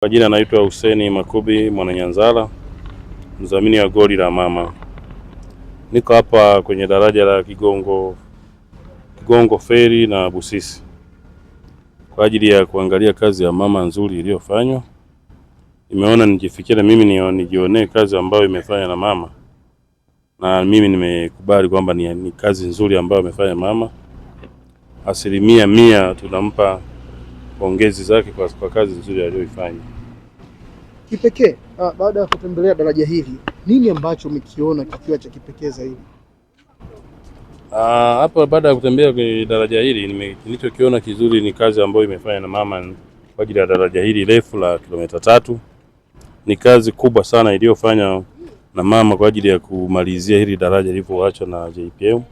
Kwa jina anaitwa Huseni Makubi Mwananyanzala, mdhamini wa goli la mama. Niko hapa kwenye daraja la Kigongo, Kigongo Feri na Busisi kwa ajili ya kuangalia kazi ya mama nzuri iliyofanywa. Nimeona nijifikire mimi nijionee kazi ambayo imefanya na mama, na mimi nimekubali kwamba ni, ni kazi nzuri ambayo amefanya mama. Asilimia mia tunampa pongezi zake kwa, kwa kazi nzuri aliyoifanya. Kipekee ah, baada ya kutembelea daraja hili, nini ambacho umekiona kikiwa cha kipekee zaidi? Ah, hapo baada ya kutembea kwenye daraja hili, nilichokiona kizuri ni kazi ambayo imefanya na mama kwa ajili ya daraja hili refu la kilomita tatu. Ni kazi kubwa sana iliyofanya na mama kwa ajili ya kumalizia hili daraja lilivyoachwa na JPM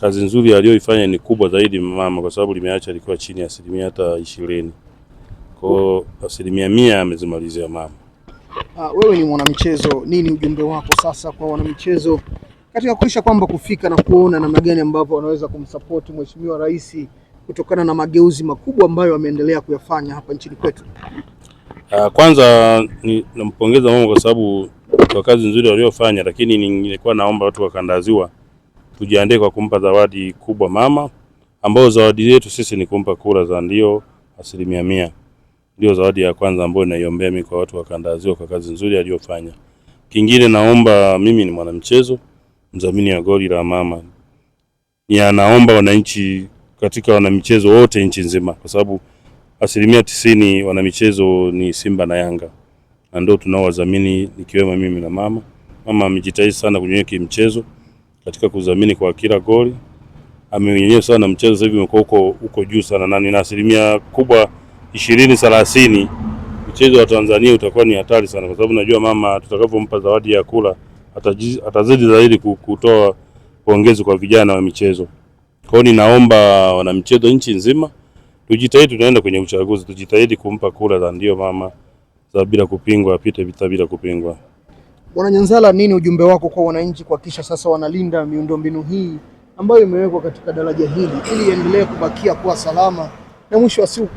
kazi nzuri aliyoifanya ni kubwa zaidi mama, kwa sababu limeacha likiwa chini ya asilimia hata ishirini. Kwa hiyo asilimia mia amezimalizia mama. Ah, wewe ni mwanamchezo, nini ujumbe wako sasa kwa wanamchezo katika kuisha kwamba kufika na kuona namna gani ambavyo wanaweza kumsapoti Mheshimiwa Rais kutokana na mageuzi makubwa ambayo ameendelea kuyafanya hapa nchini kwetu? Ah, kwanza nampongeza mama kwa sababu kwa kazi nzuri waliofanya, lakini nilikuwa naomba watu wakandaziwa tujiandae kwa kumpa zawadi kubwa mama, ambayo zawadi yetu sisi ni kumpa kura za ndio asilimia mia. Ndio zawadi ya kwanza ambayo naiombea mimi kwa watu wa kanda ya Ziwa kwa kazi nzuri aliyofanya. Kingine naomba, mimi ni mwanamchezo, mdhamini wa goli la mama, ni anaomba wananchi katika wanamichezo wote nchi nzima, kwa sababu asilimia tisini wanamichezo ni Simba na Yanga na ndio tunao tunaowadhamini, nikiwemo mimi na mama. Mama amejitahidi sana kwenye kimchezo katika kudhamini kwa kila goli. Ameonyesha sana mchezo sasa hivi umekuwa huko huko juu sana, na nina asilimia kubwa ishirini thelathini mchezo wa Tanzania utakuwa ni hatari sana, kwa sababu najua mama tutakapompa zawadi ya kula atazidi zaidi kutoa pongezi kwa vijana wa michezo. Kwa hiyo ninaomba wanamichezo nchi nzima tujitahidi, tunaenda kwenye uchaguzi, tujitahidi kumpa kura za ndio mama za bila kupingwa, apite vita bila kupingwa. Bwana Nyanzala, nini ujumbe wako kwa wananchi kuhakikisha sasa wanalinda miundombinu hii ambayo imewekwa katika daraja hili ili iendelee kubakia kuwa salama na mwisho wa siku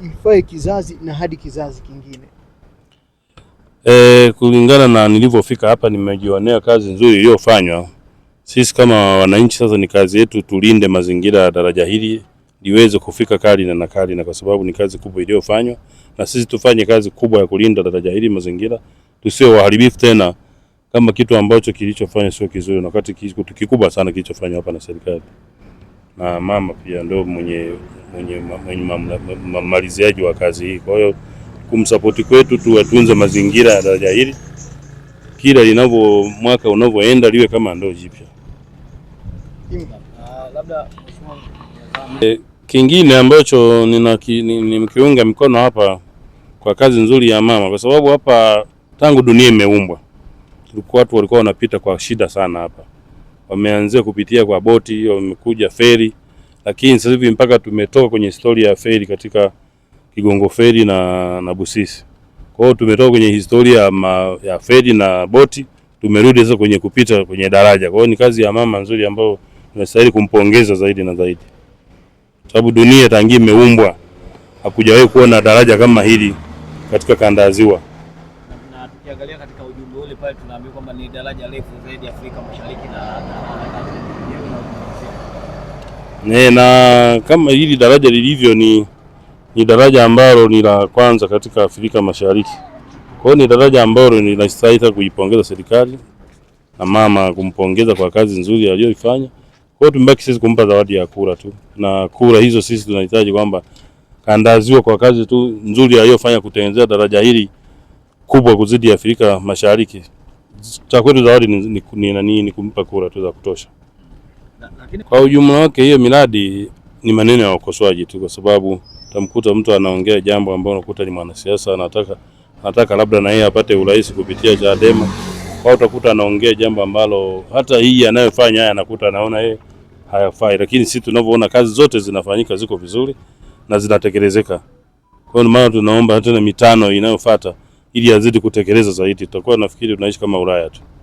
kuifae kizazi na hadi kizazi kingine? E, kulingana na nilivyofika hapa nimejionea kazi nzuri iliyofanywa. Sisi kama wananchi sasa ni kazi yetu tulinde mazingira ya daraja hili liweze kufika kali na nakali, na kwa sababu ni kazi kubwa iliyofanywa, na sisi tufanye kazi kubwa ya kulinda daraja hili mazingira tusiwe waharibifu tena kama kitu ambacho kilichofanya sio kizuri, na wakati kitu kikubwa sana kilichofanywa hapa na serikali na mama pia ndio mwenye mwenye mmaliziaji wa kazi hii. Kwa hiyo kumsapoti kwetu tu mazingira ya daraja hili, kila linavyo mwaka unavyoenda liwe kama ndio jipya. kingine ambacho mkiunga mkono hapa kwa kazi nzuri ya mama, kwa sababu hapa Tangu dunia imeumbwa, tulikuwa watu walikuwa wanapita kwa shida sana hapa, wameanzia kupitia kwa boti, wamekuja feri, lakini sasa hivi mpaka tumetoka kwenye historia ya feri katika Kigongo feri na, na Busisi. Kwa hiyo tumetoka kwenye historia ma, ya feri na boti tumerudi sasa kwenye kupita kwenye daraja. Kwa hiyo ni kazi ya mama nzuri ambayo tunastahili kumpongeza zaidi na zaidi, sababu dunia tangia imeumbwa hakujawahi kuona daraja kama hili katika kanda ya Ziwa ukiangalia katika ujumbe ule pale tunaambia kwamba ni daraja refu zaidi Afrika Mashariki na, na, na, na, na kama hili daraja lilivyo ni, ni daraja ambalo ni la kwanza katika Afrika Mashariki. Kwa hiyo ni daraja ambalo ninastahili kuipongeza serikali na mama kumpongeza kwa kazi nzuri aliyoifanya. Kwa hiyo tumebaki sisi kumpa zawadi ya kura tu, na kura hizo sisi tunahitaji kwamba kandaziwa kwa kazi tu nzuri aliyofanya kutengenezea daraja hili kubwa kuzidi Afrika Mashariki. Cha kwetu zawadi ni, ni, ni, ni, ni ni kumpa kura tu za kutosha. Kwa ujumla wake hiyo miradi ni maneno ya wakosoaji tu, kwa sababu utamkuta mtu anaongea jambo ambalo unakuta ni mwanasiasa anataka anataka labda na yeye apate urais kupitia Chadema, kwa utakuta anaongea jambo ambalo hata hii anayofanya haya anakuta anaona yeye hayafai, lakini sisi tunavyoona kazi zote zinafanyika ziko vizuri na zinatekelezeka. Kwa hiyo maana tunaomba hata na mitano inayofuata ili azidi kutekeleza zaidi, tutakuwa nafikiri tunaishi kama Ulaya tu.